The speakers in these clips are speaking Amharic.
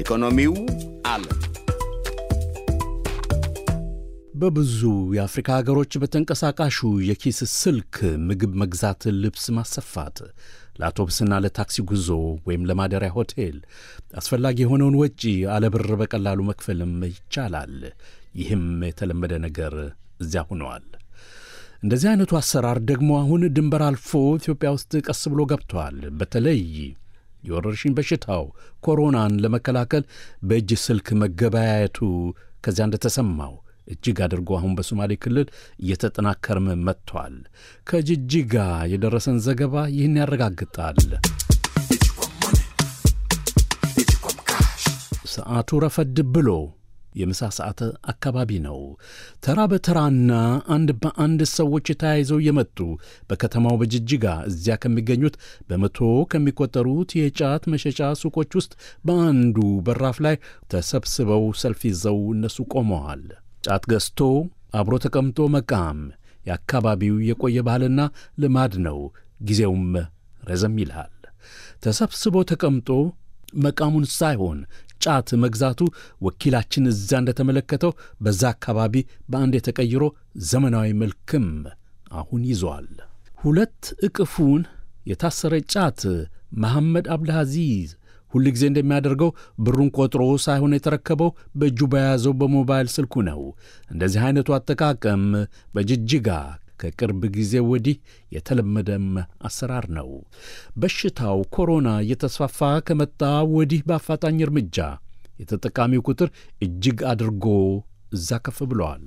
ኢኮኖሚው አለ። በብዙ የአፍሪካ ሀገሮች በተንቀሳቃሹ የኪስ ስልክ ምግብ መግዛት፣ ልብስ ማሰፋት፣ ለአውቶቡስና ለታክሲ ጉዞ ወይም ለማደሪያ ሆቴል አስፈላጊ የሆነውን ወጪ አለብር በቀላሉ መክፈልም ይቻላል። ይህም የተለመደ ነገር እዚያ ሆነዋል። እንደዚህ አይነቱ አሰራር ደግሞ አሁን ድንበር አልፎ ኢትዮጵያ ውስጥ ቀስ ብሎ ገብተዋል። በተለይ የወረርሽኝ በሽታው ኮሮናን ለመከላከል በእጅ ስልክ መገበያየቱ ከዚያ እንደተሰማው እጅግ አድርጎ አሁን በሶማሌ ክልል እየተጠናከርም መጥቷል። ከጅጅጋ የደረሰን ዘገባ ይህን ያረጋግጣል። ሰዓቱ ረፈድ ብሎ የምሳ ሰዓት አካባቢ ነው። ተራ በተራና አንድ በአንድ ሰዎች ተያይዘው የመጡ በከተማው በጅጅጋ እዚያ ከሚገኙት በመቶ ከሚቆጠሩት የጫት መሸጫ ሱቆች ውስጥ በአንዱ በራፍ ላይ ተሰብስበው ሰልፍ ይዘው እነሱ ቆመዋል። ጫት ገዝቶ አብሮ ተቀምጦ መቃም የአካባቢው የቆየ ባህልና ልማድ ነው። ጊዜውም ረዘም ይልሃል። ተሰብስቦ ተቀምጦ መቃሙን ሳይሆን ጫት መግዛቱ ወኪላችን እዛ እንደተመለከተው በዛ አካባቢ በአንድ የተቀይሮ ዘመናዊ መልክም አሁን ይዟል። ሁለት እቅፉን የታሰረ ጫት መሐመድ አብድልአዚዝ ሁል ጊዜ እንደሚያደርገው ብሩን ቆጥሮ ሳይሆን የተረከበው በእጁ በያዘው በሞባይል ስልኩ ነው። እንደዚህ አይነቱ አጠቃቀም በጅጅጋ ከቅርብ ጊዜ ወዲህ የተለመደም አሰራር ነው። በሽታው ኮሮና እየተስፋፋ ከመጣ ወዲህ በአፋጣኝ እርምጃ የተጠቃሚው ቁጥር እጅግ አድርጎ እዛ ከፍ ብለዋል።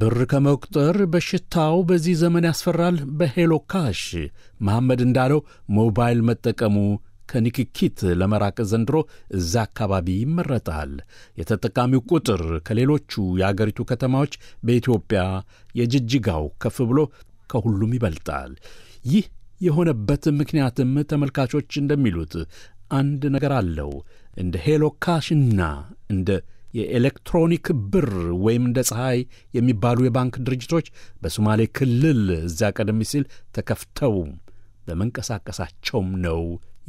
ብር ከመቁጠር በሽታው በዚህ ዘመን ያስፈራል። በሄሎ ካሽ መሐመድ እንዳለው ሞባይል መጠቀሙ ከንክኪት ለመራቅ ዘንድሮ እዛ አካባቢ ይመረጣል። የተጠቃሚው ቁጥር ከሌሎቹ የአገሪቱ ከተማዎች በኢትዮጵያ የጅጅጋው ከፍ ብሎ ከሁሉም ይበልጣል። ይህ የሆነበት ምክንያትም ተመልካቾች እንደሚሉት አንድ ነገር አለው። እንደ ሄሎካሽና እንደ የኤሌክትሮኒክ ብር ወይም እንደ ፀሐይ የሚባሉ የባንክ ድርጅቶች በሶማሌ ክልል እዚያ ቀደም ሲል ተከፍተው በመንቀሳቀሳቸውም ነው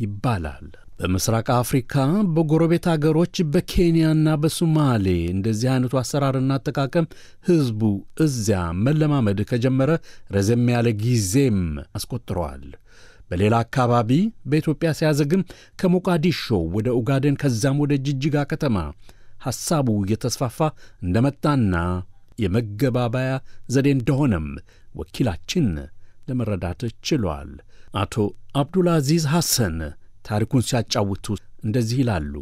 ይባላል። በምስራቅ አፍሪካ በጎረቤት አገሮች በኬንያና በሱማሌ እንደዚህ አይነቱ አሰራርና አጠቃቀም ሕዝቡ እዚያ መለማመድ ከጀመረ ረዘም ያለ ጊዜም አስቆጥረዋል። በሌላ አካባቢ በኢትዮጵያ ሲያዘግም ከሞቃዲሾ ወደ ኡጋደን ከዛም ወደ ጅጅጋ ከተማ ሐሳቡ እየተስፋፋ እንደመጣና የመገባባያ ዘዴ እንደሆነም ወኪላችን ለመረዳት ችሏል። አቶ አዚዝ ሐሰን ታሪኩን ሲያጫውቱ እንደዚህ ይላሉ።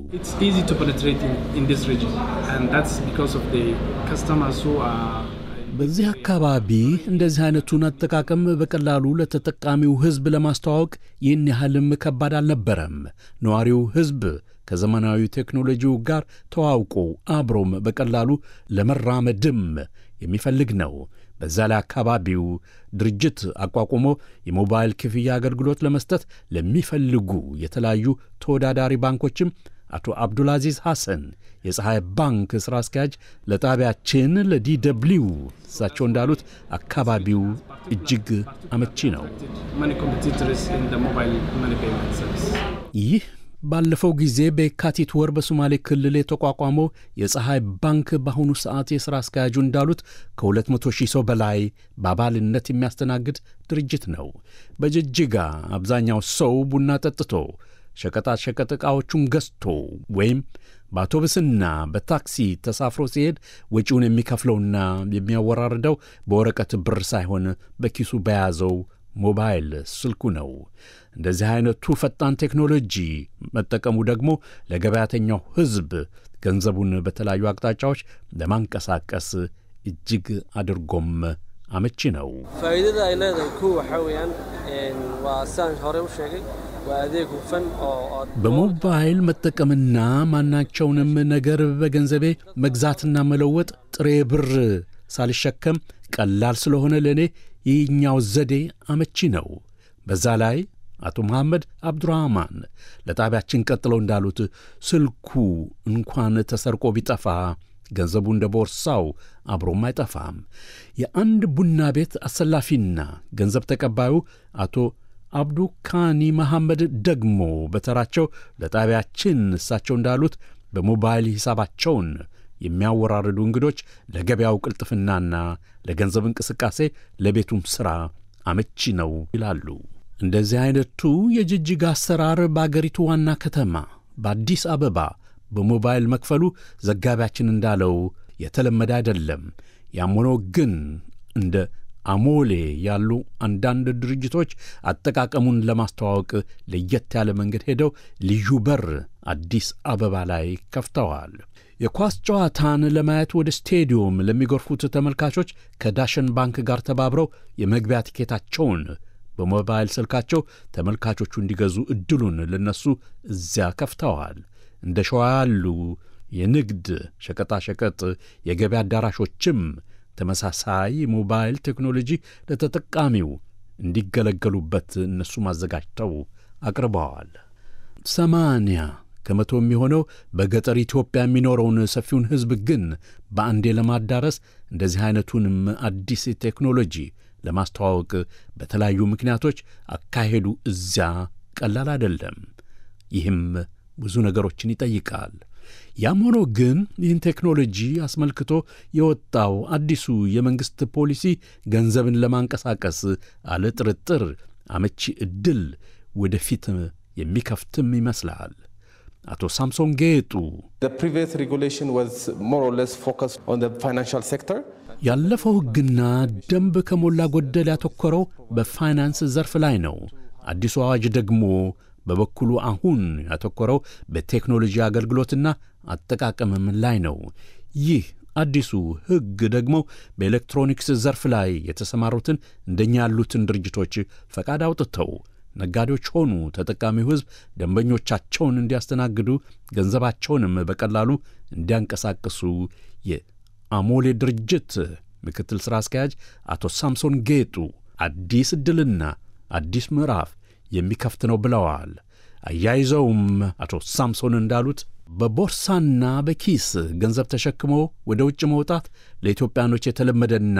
በዚህ አካባቢ እንደዚህ አይነቱን አጠቃቀም በቀላሉ ለተጠቃሚው ሕዝብ ለማስተዋወቅ ይህን ያህልም ከባድ አልነበረም። ነዋሪው ሕዝብ ከዘመናዊ ቴክኖሎጂው ጋር ተዋውቆ አብሮም በቀላሉ ለመራመድም የሚፈልግ ነው። በዛ ላይ አካባቢው ድርጅት አቋቁሞ የሞባይል ክፍያ አገልግሎት ለመስጠት ለሚፈልጉ የተለያዩ ተወዳዳሪ ባንኮችም አቶ አብዱልአዚዝ ሐሰን የፀሐይ ባንክ ሥራ አስኪያጅ ለጣቢያችን ለዲደብሊው እሳቸው እንዳሉት አካባቢው እጅግ አመቺ ነው። ይህ ባለፈው ጊዜ በየካቲት ወር በሶማሌ ክልል የተቋቋመው የፀሐይ ባንክ በአሁኑ ሰዓት የሥራ አስኪያጁ እንዳሉት ከ200 ሺህ ሰው በላይ በአባልነት የሚያስተናግድ ድርጅት ነው። በጅጅጋ አብዛኛው ሰው ቡና ጠጥቶ ሸቀጣ ሸቀጥ ዕቃዎቹን ገዝቶ ወይም በአውቶቡስና በታክሲ ተሳፍሮ ሲሄድ ወጪውን የሚከፍለውና የሚያወራርደው በወረቀት ብር ሳይሆን በኪሱ በያዘው ሞባይል ስልኩ ነው። እንደዚህ አይነቱ ፈጣን ቴክኖሎጂ መጠቀሙ ደግሞ ለገበያተኛው ሕዝብ ገንዘቡን በተለያዩ አቅጣጫዎች ለማንቀሳቀስ እጅግ አድርጎም አመቺ ነው። ኩ ሆሬ በሞባይል መጠቀምና ማናቸውንም ነገር በገንዘቤ መግዛትና መለወጥ ጥሬ ብር ሳልሸከም ቀላል ስለሆነ ለእኔ የኛው ዘዴ አመቺ ነው። በዛ ላይ አቶ መሐመድ አብዱራህማን ለጣቢያችን ቀጥለው እንዳሉት ስልኩ እንኳን ተሰርቆ ቢጠፋ ገንዘቡ እንደ ቦርሳው አብሮም አይጠፋም። የአንድ ቡና ቤት አሰላፊና ገንዘብ ተቀባዩ አቶ አብዱ ካኒ መሐመድ ደግሞ በተራቸው ለጣቢያችን እሳቸው እንዳሉት በሞባይል ሂሳባቸውን የሚያወራርዱ እንግዶች ለገበያው ቅልጥፍናና ለገንዘብ እንቅስቃሴ ለቤቱም ሥራ አመቺ ነው ይላሉ። እንደዚህ አይነቱ የጅጅግ አሰራር በአገሪቱ ዋና ከተማ በአዲስ አበባ በሞባይል መክፈሉ ዘጋቢያችን እንዳለው የተለመደ አይደለም። ያም ሆኖ ግን እንደ አሞሌ ያሉ አንዳንድ ድርጅቶች አጠቃቀሙን ለማስተዋወቅ ለየት ያለ መንገድ ሄደው ልዩ በር አዲስ አበባ ላይ ከፍተዋል። የኳስ ጨዋታን ለማየት ወደ ስቴዲዮም ለሚጎርፉት ተመልካቾች ከዳሸን ባንክ ጋር ተባብረው የመግቢያ ቲኬታቸውን በሞባይል ስልካቸው ተመልካቾቹ እንዲገዙ እድሉን ለነሱ እዚያ ከፍተዋል። እንደ ሸዋ ያሉ የንግድ ሸቀጣሸቀጥ የገበያ አዳራሾችም ተመሳሳይ ሞባይል ቴክኖሎጂ ለተጠቃሚው እንዲገለገሉበት እነሱ ማዘጋጅተው አቅርበዋል። ሰማንያ ከመቶ የሚሆነው በገጠር ኢትዮጵያ የሚኖረውን ሰፊውን ሕዝብ ግን በአንዴ ለማዳረስ እንደዚህ አይነቱንም አዲስ ቴክኖሎጂ ለማስተዋወቅ በተለያዩ ምክንያቶች አካሄዱ እዚያ ቀላል አይደለም። ይህም ብዙ ነገሮችን ይጠይቃል። ያም ሆኖ ግን ይህን ቴክኖሎጂ አስመልክቶ የወጣው አዲሱ የመንግሥት ፖሊሲ ገንዘብን ለማንቀሳቀስ አለ ጥርጥር አመቺ ዕድል ወደፊት የሚከፍትም ይመስላል። አቶ ሳምሶን ጌጡ ያለፈው ሕግና ደንብ ከሞላ ጎደል ያተኮረው በፋይናንስ ዘርፍ ላይ ነው። አዲሱ አዋጅ ደግሞ በበኩሉ አሁን ያተኮረው በቴክኖሎጂ አገልግሎትና አጠቃቀምም ላይ ነው። ይህ አዲሱ ሕግ ደግሞ በኤሌክትሮኒክስ ዘርፍ ላይ የተሰማሩትን እንደኛ ያሉትን ድርጅቶች ፈቃድ አውጥተው ነጋዴዎች ሆኑ ተጠቃሚው ሕዝብ ደንበኞቻቸውን እንዲያስተናግዱ ገንዘባቸውንም በቀላሉ እንዲያንቀሳቅሱ የአሞሌ ድርጅት ምክትል ሥራ አስኪያጅ አቶ ሳምሶን ጌጡ አዲስ ዕድልና አዲስ ምዕራፍ የሚከፍት ነው ብለዋል። አያይዘውም አቶ ሳምሶን እንዳሉት በቦርሳና በኪስ ገንዘብ ተሸክሞ ወደ ውጭ መውጣት ለኢትዮጵያኖች የተለመደና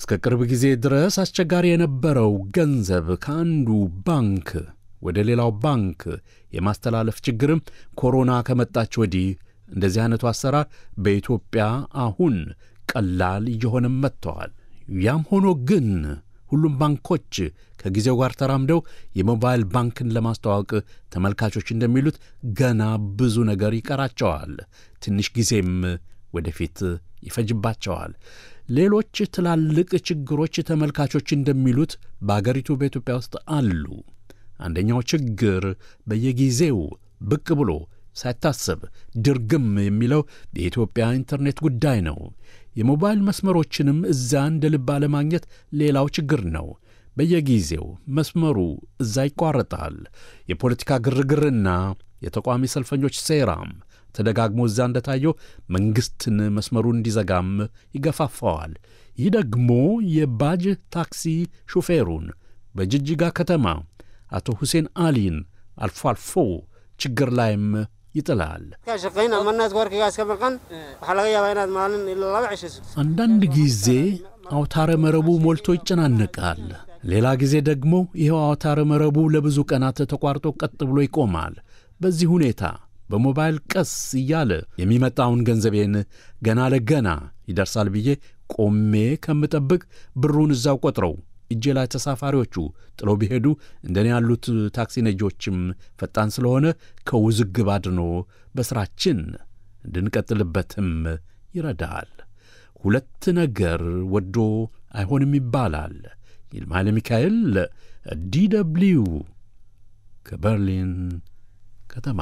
እስከ ቅርብ ጊዜ ድረስ አስቸጋሪ የነበረው ገንዘብ ከአንዱ ባንክ ወደ ሌላው ባንክ የማስተላለፍ ችግርም ኮሮና ከመጣች ወዲህ እንደዚህ አይነቱ አሰራር በኢትዮጵያ አሁን ቀላል እየሆነም መጥተዋል። ያም ሆኖ ግን ሁሉም ባንኮች ከጊዜው ጋር ተራምደው የሞባይል ባንክን ለማስተዋወቅ ተመልካቾች እንደሚሉት ገና ብዙ ነገር ይቀራቸዋል። ትንሽ ጊዜም ወደፊት ይፈጅባቸዋል። ሌሎች ትላልቅ ችግሮች ተመልካቾች እንደሚሉት በአገሪቱ በኢትዮጵያ ውስጥ አሉ። አንደኛው ችግር በየጊዜው ብቅ ብሎ ሳይታሰብ ድርግም የሚለው የኢትዮጵያ ኢንተርኔት ጉዳይ ነው። የሞባይል መስመሮችንም እዛ እንደ ልብ አለማግኘት ሌላው ችግር ነው። በየጊዜው መስመሩ እዛ ይቋረጣል። የፖለቲካ ግርግርና የተቃዋሚ ሰልፈኞች ሴራም ተደጋግሞ እዛ እንደታየው መንግሥትን መስመሩን እንዲዘጋም ይገፋፋዋል። ይህ ደግሞ የባጅ ታክሲ ሹፌሩን በጅጅጋ ከተማ አቶ ሁሴን አሊን አልፎ አልፎ ችግር ላይም ይጥላል። አንዳንድ ጊዜ አውታረ መረቡ ሞልቶ ይጨናነቃል። ሌላ ጊዜ ደግሞ ይኸው አውታረ መረቡ ለብዙ ቀናት ተቋርጦ ቀጥ ብሎ ይቆማል። በዚህ ሁኔታ በሞባይል ቀስ እያለ የሚመጣውን ገንዘቤን ገና ለገና ይደርሳል ብዬ ቆሜ ከምጠብቅ ብሩን እዛው ቆጥረው እጄ ላይ ተሳፋሪዎቹ ጥሎ ቢሄዱ እንደኔ ያሉት ታክሲ ነጂዎችም ፈጣን ስለሆነ ከውዝግብ አድኖ በሥራችን እንድንቀጥልበትም ይረዳል። ሁለት ነገር ወዶ አይሆንም ይባላል። ይልማ ሚካኤል ዲ ደብልዩ ከበርሊን ከተማ